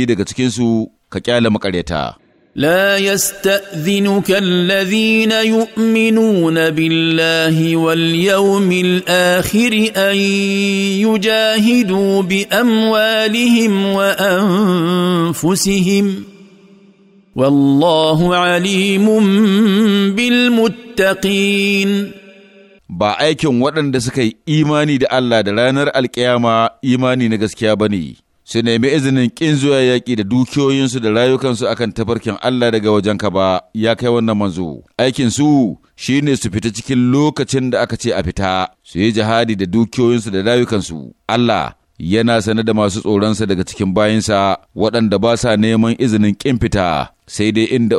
ni daga cikinsu su ka kyale makareta la yasta'dhinu kal ladhina yu'minuna billahi wal yawmil akhir an yujahidu bi amwalihim wa anfusihim wallahu alimun bil muttaqin ba aikin waɗanda suka yi imani da Allah da ranar alkiyama imani na gaskiya bane su nemi izinin ƙin zuwa yaƙi da dukiyoyinsu da rayukansu akan tafarkin Allah daga wajenka ba ya kai wannan manzo aikin su shine su fita cikin lokacin da aka ce a fita su yi jihadi da dukiyoyinsu da rayukansu Allah yana sane da masu tsoronsa daga cikin bayinsa waɗanda ba sa neman izinin ƙin fita sai dai inda